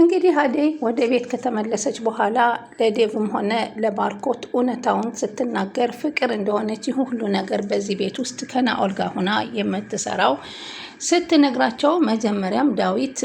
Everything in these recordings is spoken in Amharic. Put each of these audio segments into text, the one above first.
እንግዲህ አደይ ወደ ቤት ከተመለሰች በኋላ ለዴቭም ሆነ ለባርኮት እውነታውን ስትናገር ፍቅር እንደሆነች ይህ ሁሉ ነገር በዚህ ቤት ውስጥ ከናኦል ጋር ሆና የምትሰራው ስትነግራቸው መጀመሪያም ዳዊት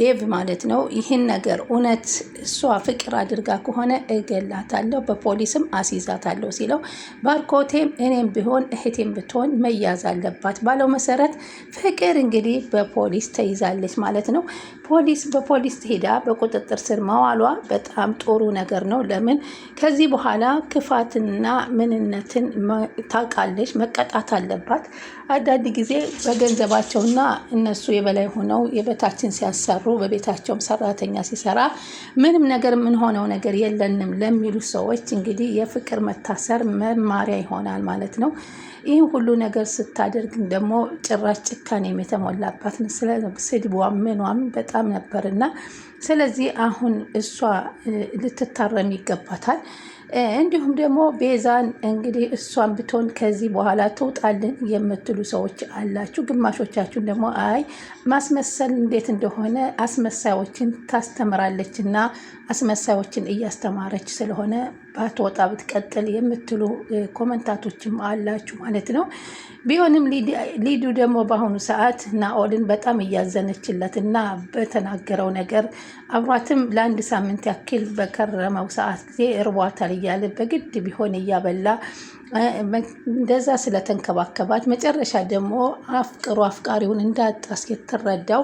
ዴቭ ማለት ነው ይህን ነገር እውነት እሷ ፍቅር አድርጋ ከሆነ እገላታለሁ፣ በፖሊስም አስይዛታለሁ ሲለው ባርኮቴም እኔም ቢሆን እህቴም ብትሆን መያዝ አለባት ባለው መሰረት ፍቅር እንግዲህ በፖሊስ ተይዛለች ማለት ነው። ፖሊስ በፖሊስ ሄዳ በቁጥጥር ስር መዋሏ በጣም ጥሩ ነገር ነው። ለምን ከዚህ በኋላ ክፋትና ምንነትን ታውቃለች፣ መቀጣት አለባት። አንዳንድ ጊዜ በገንዘብ ገንዘባቸውና እነሱ የበላይ ሆነው የበታችን ሲያሰሩ በቤታቸውም ሰራተኛ ሲሰራ ምንም ነገር ምን ሆነው ነገር የለንም ለሚሉ ሰዎች እንግዲህ የፍቅር መታሰር መማሪያ ይሆናል ማለት ነው። ይህን ሁሉ ነገር ስታደርግ ደግሞ ጭራሽ ጭካኔም የተሞላባት ስድቧም ምኗም በጣም ነበርና፣ ስለዚህ አሁን እሷ ልትታረም ይገባታል። እንዲሁም ደግሞ ቤዛን እንግዲህ እሷን ብትሆን ከዚህ በኋላ ትውጣልን የምትሉ ሰዎች አላችሁ። ግማሾቻችሁን ደግሞ አይ ማስመሰል እንዴት እንደሆነ አስመሳዮችን ታስተምራለች እና አስመሳዮችን እያስተማረች ስለሆነ ባትወጣ ብትቀጥል የምትሉ ኮመንታቶችም አላችሁ ማለት ነው። ቢሆንም ሊዱ ደግሞ በአሁኑ ሰዓት ናኦልን በጣም እያዘነችለት እና በተናገረው ነገር አብሯትም ለአንድ ሳምንት ያክል በከረመው ሰዓት ጊዜ እርቧታል እያለ በግድ ቢሆን እያበላ እንደዛ ስለተንከባከባት መጨረሻ ደግሞ አፍቅሮ አፍቃሪውን እንዳጣ እስክትረዳው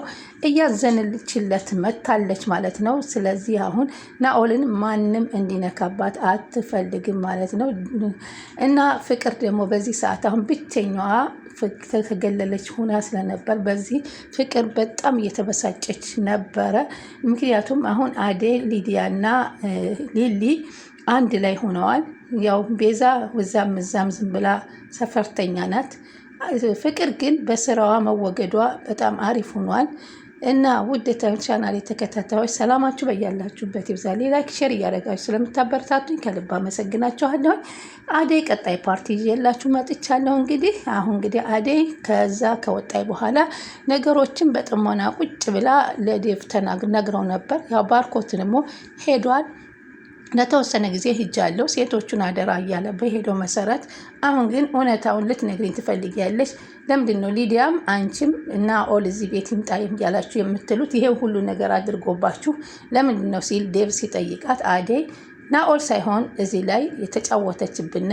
እያዘነችለት መታለች ማለት ነው። ስለዚህ አሁን ናኦልን ማንም እንዲነካባት አትፈልግም ማለት ነው እና ፍቅር ደግሞ በዚህ ሰዓት አሁን ብቸኛዋ ተገለለች ሁና ስለነበር በዚህ ፍቅር በጣም እየተበሳጨች ነበረ። ምክንያቱም አሁን አዴ ና ሊሊ አንድ ላይ ሆነዋል። ያው ቤዛ ውዛም እዛም ዝም ብላ ሰፈርተኛ ናት። ፍቅር ግን በስራዋ መወገዷ በጣም አሪፍ ሆኗል። እና ውድ ቻናል ተከታታዮች ሰላማችሁ በያላችሁበት ይብዛል። ላይክ ሼር እያደረጋችሁ ስለምታበረታቱኝ ከልብ አመሰግናችኋለሁ። አደይ ቀጣይ ፓርቲ ይዤላችሁ መጥቻለሁ። እንግዲህ አሁን እንግዲህ አደይ ከዛ ከወጣይ በኋላ ነገሮችን በጥሞና ቁጭ ብላ ለዴቭ ነግረው ነበር። ያው ባርኮት ደግሞ ሄዷል ለተወሰነ ጊዜ ሂጃለሁ ሴቶቹን አደራ እያለ በሄደው መሰረት፣ አሁን ግን እውነታውን ልትነግሪኝ ትፈልጊያለሽ? ለምንድን ነው ሊዲያም አንቺም እና ኦል እዚህ ቤት ይምጣ እያላችሁ የምትሉት? ይሄ ሁሉ ነገር አድርጎባችሁ ለምንድን ነው ሲል ዴቭ ሲጠይቃት አደይ ናኦል ሳይሆን እዚህ ላይ የተጫወተችብን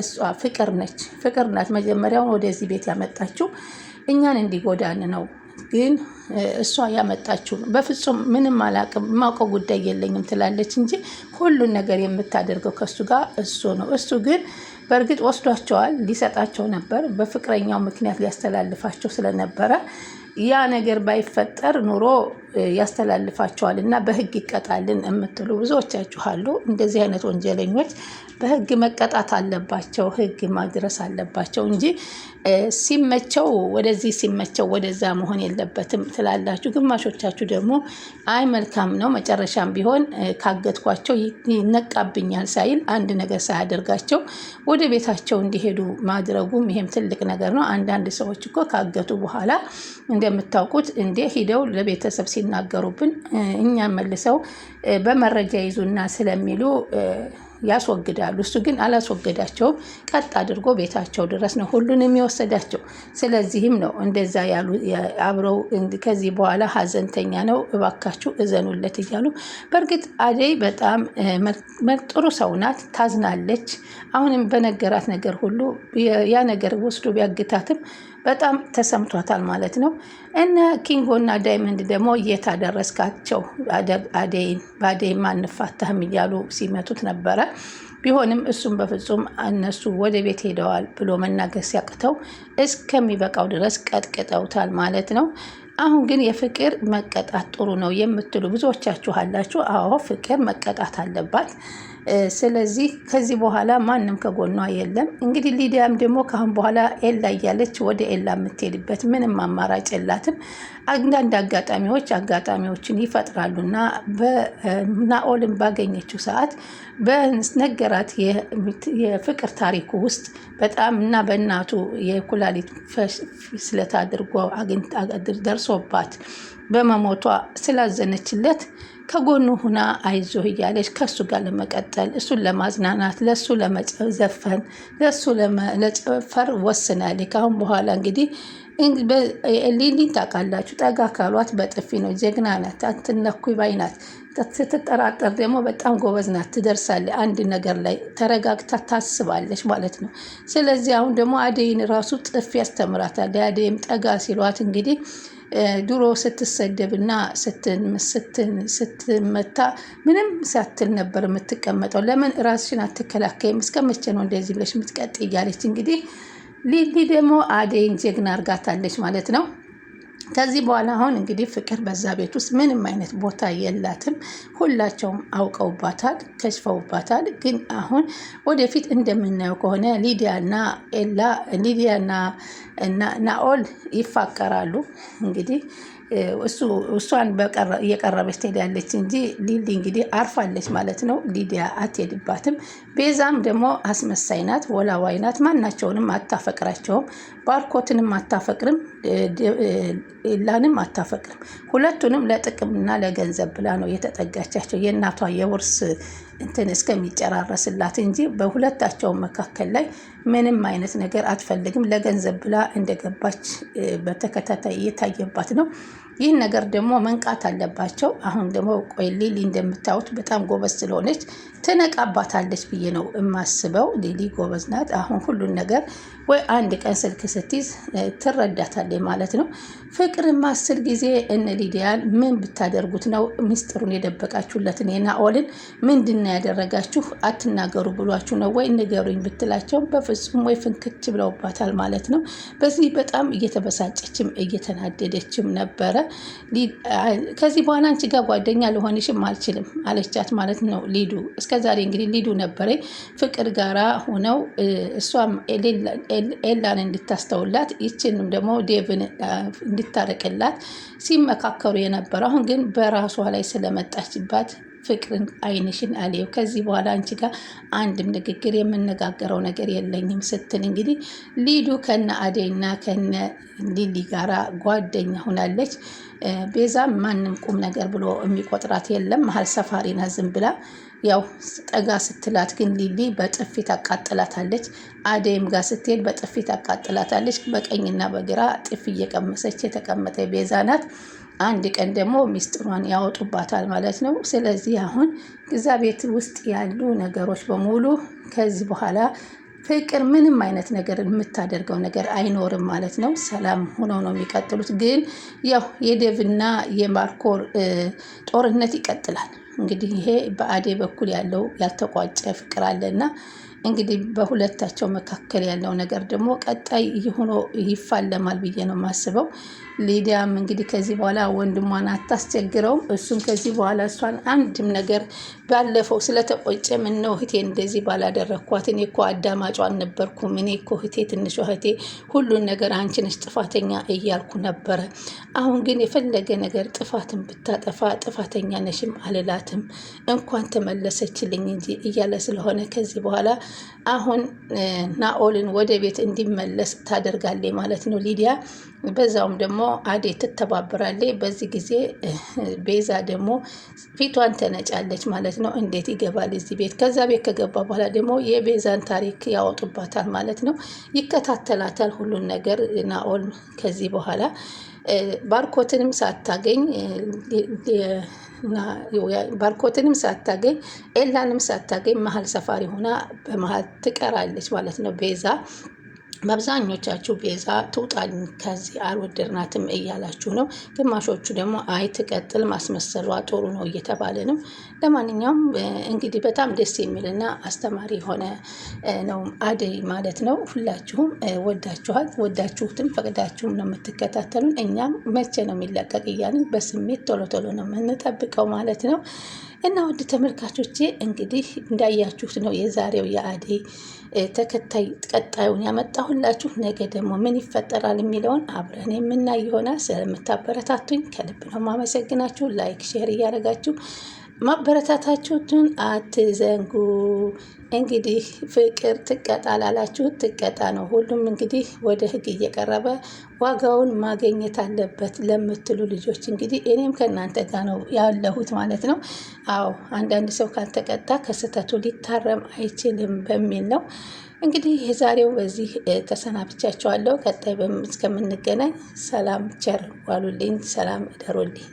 እሷ ፍቅር ነች። ፍቅር ናት መጀመሪያውን ወደዚህ ቤት ያመጣችው እኛን እንዲጎዳን ነው ግን እሷ ያመጣችው ነው። በፍጹም ምንም አላውቅም የማውቀው ጉዳይ የለኝም ትላለች እንጂ ሁሉን ነገር የምታደርገው ከእሱ ጋር እሱ ነው። እሱ ግን በእርግጥ ወስዷቸዋል፣ ሊሰጣቸው ነበር። በፍቅረኛው ምክንያት ሊያስተላልፋቸው ስለነበረ ያ ነገር ባይፈጠር ኑሮ ያስተላልፋቸዋል እና በህግ ይቀጣልን የምትሉ ብዙዎቻችሁ አሉ። እንደዚህ አይነት ወንጀለኞች በህግ መቀጣት አለባቸው፣ ህግ ማድረስ አለባቸው እንጂ ሲመቸው ወደዚህ ሲመቸው ወደዛ መሆን የለበትም ትላላችሁ። ግማሾቻችሁ ደግሞ አይ መልካም ነው መጨረሻም ቢሆን ካገትኳቸው ይነቃብኛል ሳይል አንድ ነገር ሳያደርጋቸው ወደ ቤታቸው እንዲሄዱ ማድረጉም ይሄም ትልቅ ነገር ነው። አንዳንድ ሰዎች እኮ ካገቱ በኋላ እንደምታውቁት እንዴ ሂደው ለቤተሰብ ሲናገሩብን እኛ መልሰው በመረጃ ይዙና ስለሚሉ ያስወግዳሉ። እሱ ግን አላስወገዳቸውም። ቀጥ አድርጎ ቤታቸው ድረስ ነው ሁሉን የሚወሰዳቸው ስለዚህም ነው እንደዛ ያሉ አብረው ከዚህ በኋላ ሀዘንተኛ ነው እባካችሁ እዘኑለት እያሉ። በእርግጥ አደይ በጣም ጥሩ ሰው ናት፣ ታዝናለች። አሁንም በነገራት ነገር ሁሉ ያ ነገር ወስዶ ቢያግታትም በጣም ተሰምቷታል ማለት ነው። እነ እና ዳይመንድ ደግሞ የት አደረስካቸው አደይን በአደይ አንፋታህም እያሉ ሲመቱት ነበረ። ቢሆንም እሱም በፍጹም እነሱ ወደ ቤት ሄደዋል ብሎ መናገር ሲያቅተው እስከሚበቃው ድረስ ቀጥቅጠውታል ማለት ነው። አሁን ግን የፍቅር መቀጣት ጥሩ ነው የምትሉ ብዙዎቻችሁ አላችሁ። አዎ ፍቅር መቀጣት አለባት። ስለዚህ ከዚህ በኋላ ማንም ከጎኗ የለም። እንግዲህ ሊዲያም ደግሞ ካሁን በኋላ ኤላ እያለች ወደ ኤላ የምትሄድበት ምንም አማራጭ የላትም። አንዳንድ አጋጣሚዎች አጋጣሚዎችን ይፈጥራሉና በናኦልን ባገኘችው ሰዓት በነገራት የፍቅር ታሪኩ ውስጥ በጣም እና በእናቱ የኩላሊት ስለት አድርጎ ደርሶባት በመሞቷ ስላዘነችለት ከጎኑ ሁና አይዞ እያለች ከእሱ ጋር ለመቀጠል እሱን ለማዝናናት ለእሱ ለመዘፈን ለእሱ ለመጨፈር ወስናል። ካሁን በኋላ እንግዲህ ሊሊን ታውቃላችሁ፣ ጠጋ ካሏት በጥፊ ነው። ጀግና ናት፣ አትነኩ ባይ ናት። ስትጠራጠር ደግሞ በጣም ጎበዝ ናት፣ ትደርሳለች። አንድ ነገር ላይ ተረጋግታ ታስባለች ማለት ነው። ስለዚህ አሁን ደግሞ አደይን ራሱ ጥፊ ያስተምራታል። የአደይም ጠጋ ሲሏት እንግዲህ ድሮ ስትሰደብና ስትመታ ምንም ሳትል ነበር የምትቀመጠው። ለምን ራስሽን አትከላከይም? እስከ መቼ ነው እንደዚህ ብለሽ የምትቀጥ? እያለች እንግዲህ ሊሊ ደግሞ አደይን ጀግና እርጋታለች ማለት ነው። ከዚህ በኋላ አሁን እንግዲህ ፍቅር በዛ ቤት ውስጥ ምንም አይነት ቦታ የላትም። ሁላቸውም አውቀውባታል፣ ከሽፈውባታል። ግን አሁን ወደፊት እንደምናየው ከሆነ ሊዲያና ኤላ ሊዲያና ናኦል ይፋቀራሉ እንግዲህ እሷን እየቀረበች ትሄዳለች እንጂ ሊሊ እንግዲህ አርፋለች ማለት ነው። ሊዲያ አትሄድባትም። ቤዛም ደግሞ አስመሳይ ናት፣ ወላዋይ ናት። ማናቸውንም አታፈቅራቸውም። ባርኮትንም አታፈቅርም፣ ላንም አታፈቅርም። ሁለቱንም ለጥቅምና ለገንዘብ ብላ ነው የተጠጋቻቸው የእናቷ የውርስ እንትን እስከሚጨራረስላት እንጂ በሁለታቸው መካከል ላይ ምንም አይነት ነገር አትፈልግም። ለገንዘብ ብላ እንደገባች በተከታታይ እየታየባት ነው። ይህን ነገር ደግሞ መንቃት አለባቸው። አሁን ደግሞ ቆይ ሊሊ እንደምታዩት በጣም ጎበዝ ስለሆነች ትነቃባታለች ብዬ ነው የማስበው። ሊሊ ጎበዝ ናት። አሁን ሁሉን ነገር ወይ አንድ ቀን ስልክ ስትይዝ ትረዳታለች ማለት ነው። ፍቅር ማስል ጊዜ እነ ሊዲያን ምን ብታደርጉት ነው ሚስጥሩን የደበቃችሁለት የናኦልን ምንድን ነው ያደረጋችሁ አትናገሩ ብሏችሁ ነው ወይ ንገሩኝ ብትላቸው በፍጹም ወይ ፍንክች ብለውባታል ማለት ነው። በዚህ በጣም እየተበሳጨችም እየተናደደችም ነበረ። ከዚህ በኋላ አንቺ ጋር ጓደኛ ልሆንሽም አልችልም አለቻት ማለት ነው ሊዱ። እስከዛሬ እንግዲህ ሊዱ ነበረ ፍቅር ጋራ ሆነው እሷም ኤላን እንድታስተውላት ይችንም ደግሞ ዴቭን እንድታረቅላት ሲመካከሩ የነበረ አሁን ግን በራሷ ላይ ስለመጣችባት ፍቅርን አይንሽን አሌው ከዚህ በኋላ አንቺ ጋር አንድም ንግግር የምነጋገረው ነገር የለኝም ስትል እንግዲህ ሊዱ ከነ አደይና ከነ ሊሊ ጋራ ጓደኛ ሆናለች። ቤዛ ማንም ቁም ነገር ብሎ የሚቆጥራት የለም። መሀል ሰፋሪና ዝም ብላ ያው ጠጋ ስትላት ግን ሊሊ በጥፊ ታቃጥላታለች። አደይም ጋር ስትሄድ በጥፊ ታቃጥላታለች። በቀኝና በግራ ጥፊ እየቀመሰች የተቀመጠ ቤዛ ናት። አንድ ቀን ደግሞ ሚስጥሯን ያወጡባታል ማለት ነው። ስለዚህ አሁን እዛ ቤት ውስጥ ያሉ ነገሮች በሙሉ ከዚህ በኋላ ፍቅር ምንም አይነት ነገር የምታደርገው ነገር አይኖርም ማለት ነው። ሰላም ሆነው ነው የሚቀጥሉት። ግን ያው የደብና የማርኮር ጦርነት ይቀጥላል። እንግዲህ ይሄ በአዴ በኩል ያለው ያልተቋጨ ፍቅር አለና እንግዲህ በሁለታቸው መካከል ያለው ነገር ደግሞ ቀጣይ ሆኖ ይፋለማል ብዬ ነው የማስበው። ሊዲያም እንግዲህ ከዚህ በኋላ ወንድሟን አታስቸግረውም። እሱም ከዚህ በኋላ እሷን አንድም ነገር ባለፈው ስለተቆጨ ምን ነው እህቴ እንደዚህ ባላደረግኳት እኔ እኮ አዳማጯ አልነበርኩም፣ እኔ እኮ እህቴ ትንሿ እህቴ ሁሉን ነገር አንቺ ነሽ ጥፋተኛ እያልኩ ነበረ። አሁን ግን የፈለገ ነገር ጥፋትን ብታጠፋ ጥፋተኛ ነሽም አልላትም እንኳን ተመለሰችልኝ እንጂ እያለ ስለሆነ ከዚህ በኋላ አሁን ናኦልን ወደ ቤት እንዲመለስ ታደርጋለች ማለት ነው ሊዲያ። በዛውም ደግሞ አዴ ትተባበራለች። በዚህ ጊዜ ቤዛ ደግሞ ፊቷን ተነጫለች ማለት ነው። እንዴት ይገባል እዚህ ቤት? ከዛ ቤት ከገባ በኋላ ደግሞ የቤዛን ታሪክ ያወጡባታል ማለት ነው። ይከታተላታል ሁሉን ነገር ናኦል ከዚህ በኋላ ባርኮትንም ሳታገኝ ባርኮትንም ሳታገኝ ኤላንም ሳታገኝ መሀል ሰፋሪ ሆና በመሀል ትቀራለች ማለት ነው ቤዛ በአብዛኞቻችሁ ቤዛ ትውጣል ከዚህ አልወደድናትም እያላችሁ ነው። ግማሾቹ ደግሞ አይ ትቀጥል ማስመሰሏ ጥሩ ነው እየተባለ ነው። ለማንኛውም እንግዲህ በጣም ደስ የሚልና አስተማሪ የሆነ ነው አደይ ማለት ነው። ሁላችሁም ወዳችኋል። ወዳችሁትም ፈቅዳችሁም ነው የምትከታተሉን። እኛም መቼ ነው የሚለቀቅ እያልን በስሜት ቶሎ ቶሎ ነው የምንጠብቀው ማለት ነው። እና ውድ ተመልካቾቼ እንግዲህ እንዳያችሁት ነው የዛሬው የአደይ ተከታይ ቀጣዩን ያመጣሁላችሁ። ነገ ደግሞ ምን ይፈጠራል የሚለውን አብረን የምናይ ይሆናል። ስለምታበረታቱኝ ከልብ ነው ማመሰግናችሁ። ላይክ ሼር እያደረጋችሁ ማበረታታችሁትን አትዘንጉ። እንግዲህ ፍቅር ትቀጣ ላላችሁ ትቀጣ ነው። ሁሉም እንግዲህ ወደ ህግ እየቀረበ ዋጋውን ማገኘት አለበት ለምትሉ ልጆች እንግዲህ እኔም ከእናንተ ጋር ነው ያለሁት ማለት ነው። አዎ አንዳንድ ሰው ካልተቀጣ ከስህተቱ ሊታረም አይችልም በሚል ነው እንግዲህ የዛሬው በዚህ ተሰናብቻቸዋለሁ። ቀጣይ እስከምንገናኝ ሰላም ቸር ዋሉልኝ፣ ሰላም እደሩልኝ።